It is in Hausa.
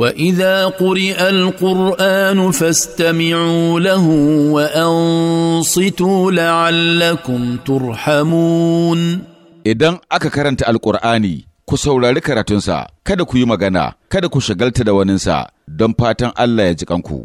واذا قرئ القران فاستمعوا له وانصتوا لعلكم ترحمون idan aka karanta alkur'ani ku saurari karatunsa kada ku yi magana kada ku shagalta da waninsa don fatan allah ya ji kanku